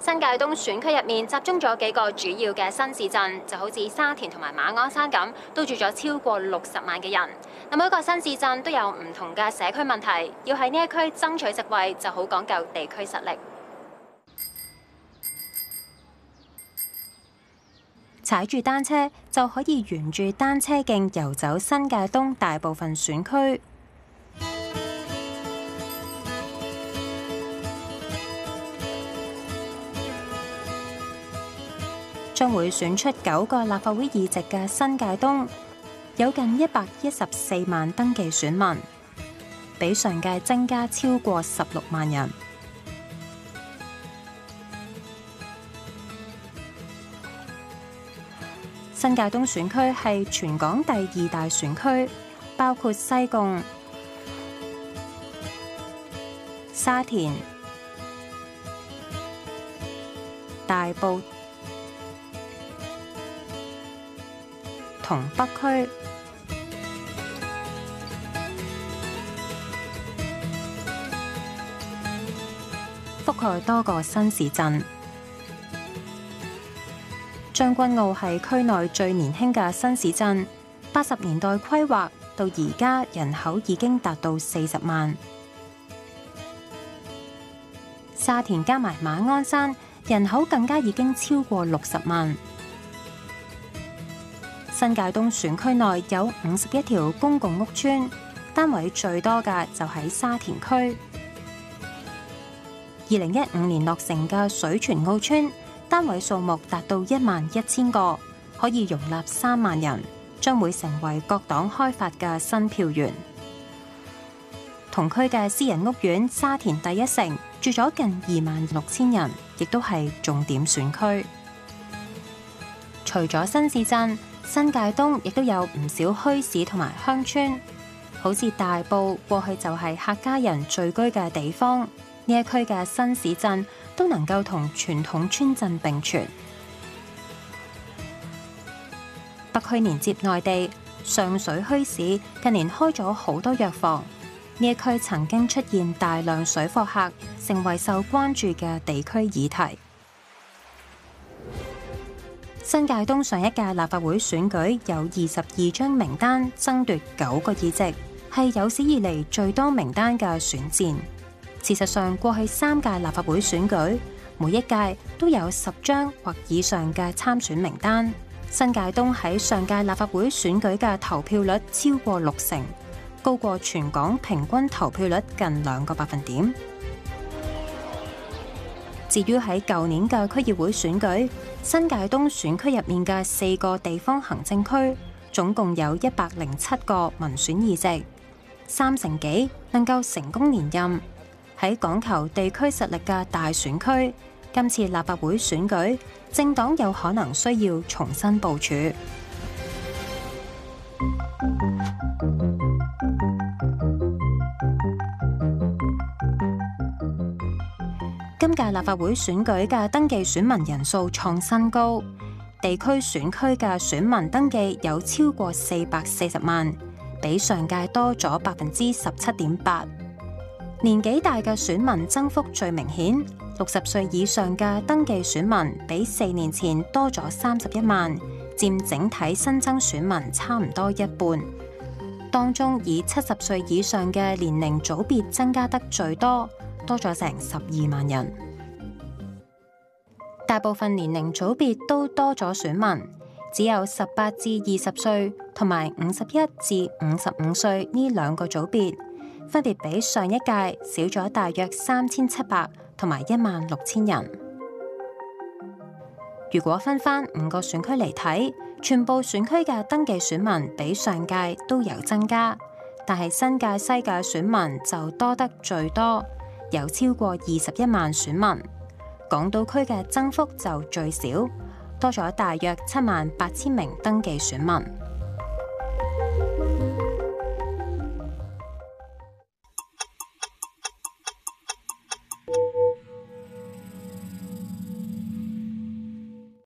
新界東選區入面集中咗幾個主要嘅新市鎮，就好似沙田同埋馬鞍山咁，都住咗超過六十萬嘅人。每個新市鎮都有唔同嘅社區問題，要喺呢一區爭取席位就好講究地區實力。踩住單車就可以沿住單車徑遊走新界東大部分選區。將會選出九個立法會議席嘅新界東，有近一百一十四萬登記選民，比上屆增加超過十六萬人。新界東選區係全港第二大選區，包括西貢、沙田、大埔。從北區覆蓋多個新市鎮，將軍澳係區內最年輕嘅新市鎮，八十年代規劃到而家，人口已經達到四十萬。沙田加埋馬鞍山，人口更加已經超過六十萬。新界東選區內有五十一條公共屋邨，單位最多嘅就喺沙田區。二零一五年落成嘅水泉澳邨單位數目達到一萬一千個，可以容納三萬人，將會成為各黨開發嘅新票源。同區嘅私人屋苑沙田第一城，住咗近二萬六千人，亦都係重點選區。除咗新市鎮。新界東亦都有唔少墟市同埋鄉村，好似大埔過去就係客家人聚居嘅地方。呢一區嘅新市鎮都能夠同傳統村鎮並存。北區連接內地，上水墟市近年開咗好多藥房。呢一區曾經出現大量水貨客，成為受關注嘅地區議題。新界東上一屆立法會選舉有二十二張名單爭奪九個議席，係有史以嚟最多名單嘅選戰。事實上，過去三屆立法會選舉每一屆都有十張或以上嘅參選名單。新界東喺上屆立法會選舉嘅投票率超過六成，高過全港平均投票率近兩個百分點。至於喺舊年嘅區議會選舉，新界東選區入面嘅四個地方行政區，總共有一百零七個民選議席，三成幾能夠成功連任。喺講求地區實力嘅大選區，今次立法會選舉，政黨有可能需要重新部署。今屆立法會選舉嘅登記選民人數創新高，地區選區嘅選民登記有超過四百四十萬，比上屆多咗百分之十七點八。年紀大嘅選民增幅最明顯，六十歲以上嘅登記選民比四年前多咗三十一萬，佔整體新增選民差唔多一半。當中以七十歲以上嘅年齡組別增加得最多。多咗成十二萬人，大部分年齡組別都多咗選民，只有十八至二十歲同埋五十一至五十五歲呢兩個組別，分別比上一屆少咗大約三千七百同埋一萬六千人。如果分翻五個選區嚟睇，全部選區嘅登記選民比上屆都有增加，但係新界西嘅選民就多得最多，有超過二十一萬選民，港島區嘅增幅就最少，多咗大約七萬八千名登記選民。